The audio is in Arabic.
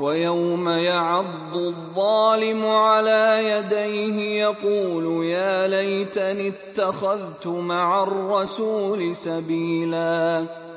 ويوم يعض الظالم على يديه يقول يا ليتني اتخذت مع الرسول سبيلا